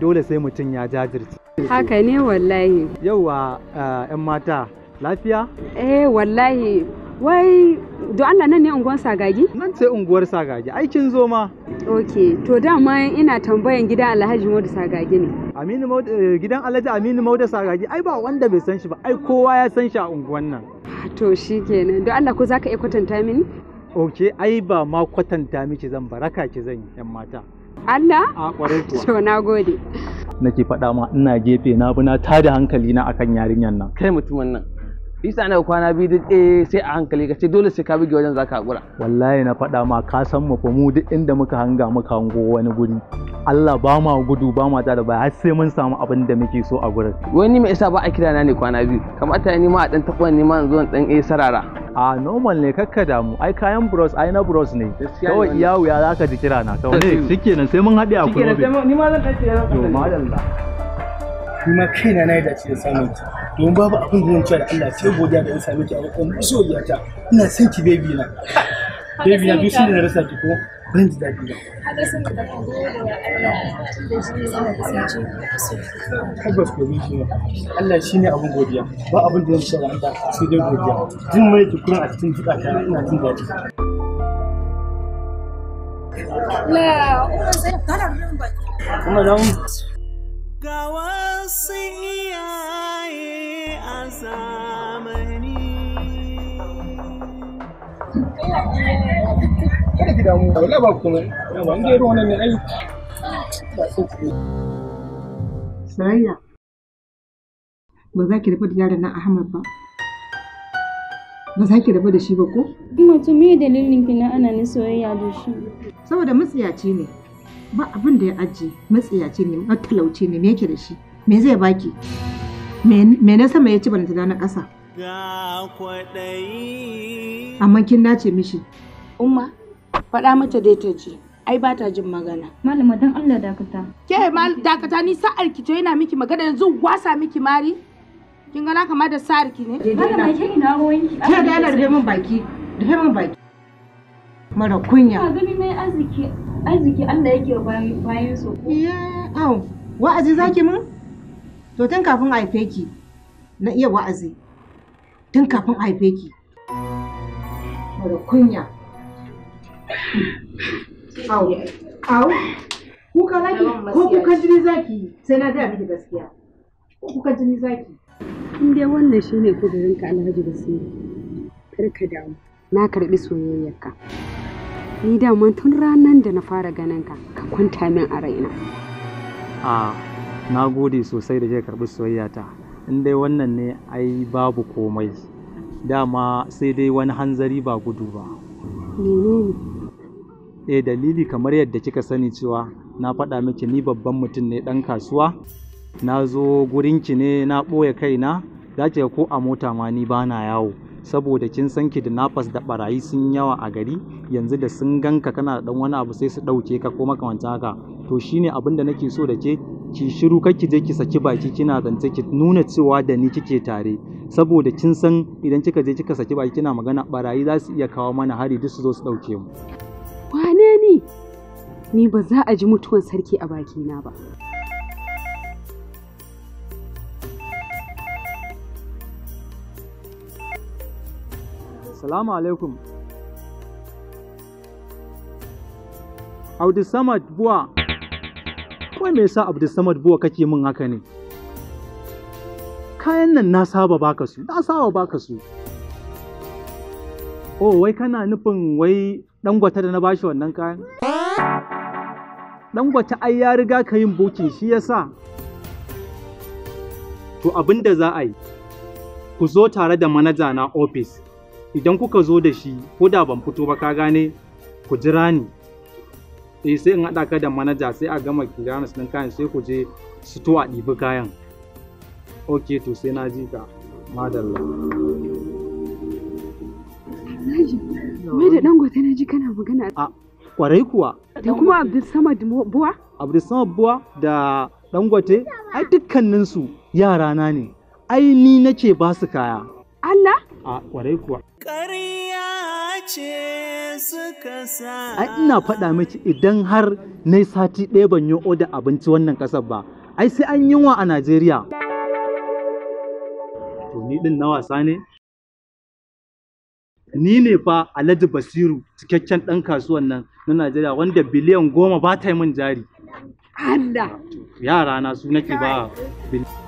dole sai mutum ya jajirce haka ne wallahi yauwa yan eh, mata lafiya eh wallahi wai do Allah nan ne unguwar sagagi nan ce unguwar sagagi aikin zo ma ok to dama ina tambayan gidan alhaji Maudu sagagi ne aminu eh, gidan alhaji aminu Maudu sagagi ai ba wanda bai san shi ba ai kowa ya san shi a unguwan nan to shikenan do Allah ko zaka iya kwatanta mini ok ai ba ma kwatanta miki zan baraka ki zan yan mata Allah? A To na gode. Nake faɗa ma ina gefe na bi na tada hankali na akan yarinyar nan. Kai mutumin nan. isa na kwana biyu duk eh sai a hankali ka ce dole sai ka buge wajen zaka hakura wallahi na faɗa ma ka san mu fa mu duk inda muka hanga muka hango wani guri Allah ba ma gudu ba ma da ba har sai mun samu abin da muke so a gurin wani mai isa ba a kira na ne kwana biyu kamata ni ma a dan taɓa ni ma in zo dan eh sarara a normal ne kakka damu ai kayan bros ai na bros ne kawai iya wuya zaka ji kira na kawai ne shikenan sai mun haɗe a kuma ni ma zan tace to madalla ni ma kaina na yi da ce samun domin babu abin da zan da Allah sai godiya da in sami ki a matsayin masoyiya ta ina son ki baby na baby na duk sun da rasa ki ko ban ji daɗi ba tabbas ko shi ne Allah shi ne abin godiya ba abin da zan da Allah sai dai godiya jin mai ki a cikin zukata ina jin daɗi zai rin baki. kada ki damu wallahi ba komai yawa in dai ruwan ne ai Sarayya ba za ki rabu da yaron nan Ahmad ba ba za ki rabu da shi ba ko Ina to me dalilin ki na ana ni soyayya da shi saboda matsiyaci ne ba abin da ya ajiye matsiyaci ne matalauci ne me yake da shi me zai baki me na sama ya ci balantana na ƙasa amma kin dace mishi umma faɗa mata dai ta ji ai ba ta jin magana malama dan Allah dakata ke mal dakata ni sa'ar ki to yana miki magana yanzu wasa miki mari kin ga na kama da sa'ar ki ne malama ke na ruwanki ke da yana da min baki da min baki mara kunya ka gani mai arziki arziki Allah yake bayan bayan su ya au wa'azi zaki mun to tun kafin haife ki na iya wa'azi tun kafin haife ki mara kunya Au, au, kuka zaki ko kukan zaki sai na gaya miki gaskiya. Ko kukan jini zaki. In dai wannan shine kudurinka Alhaji Basiru, kar ka damu. Na karɓi soyayyarka. Ni daman tun ranar da na fara ganin ka, ka kwanta min a raina. A na gode sosai da kika karɓi soyayyata. In dai wannan ne ai babu komai. Dama sai dai wani hanzari ba gudu ba. Menene? eh dalili kamar yadda kika sani cewa na faɗa miki ni babban mutum ne ɗan kasuwa na zo ki ne na ɓoye kaina za ki ko a mota ma ni bana yawo saboda kin san ki da barayi sun yawa a gari yanzu da sun ganka kana dan wani abu sai su ɗauke ka ko wancan haka to shine abin da nake so da ke ki shiru kar ki je ki saki baki kina zance ki nuna cewa da ni kike tare saboda kin san idan kika je kika saki baki kina magana barayi za su iya kawo mana hari duk su zo su ɗauke mu wane ni ni ba za a ji mutuwan sarki a bakina ba Salamu alaikum Abdulsamad Buwa Wai me yasa Abdulsamad Buwa kake min haka ne? Kayan nan na saba baka su, na saba baka su. Oh, wai kana nufin wai dangwata da na bashi wannan kayan? dangwata ai ya riga ka yin bukin shi yasa. To abin da za a yi, ku zo tare da manaja na ofis. Idan kuka zo da shi, ko da ban fito ba ka gane, ku jira ni. Eh sai in haɗa ka da manaja sai a gama kiranis ɗin kayan sai ku je sito a ɗibi kayan. Ok to sai na ji ka, madalla. Wai da dangote na ji kana magana. A kwarai kuwa. Da kuma Abdul Samad Buwa? Abdul Samad Buwa da dangote ai dukkaninsu yarana ne. Ai ni nake ba su kaya. Allah? A kwarai kuwa. Ƙarya ce suka sa. Ai ina faɗa miki idan har na sati ɗaya ban yi oda abinci wannan ƙasar ba. Ai sai an yi yunwa a Najeriya. To ni ɗin na wasa ne? ni ne fa Alhaji Basiru cikakken ɗan kasuwan nan na Najeriya wanda biliyan goma ba ta yi min jari. Allah! Yara na su nake ba biliyan.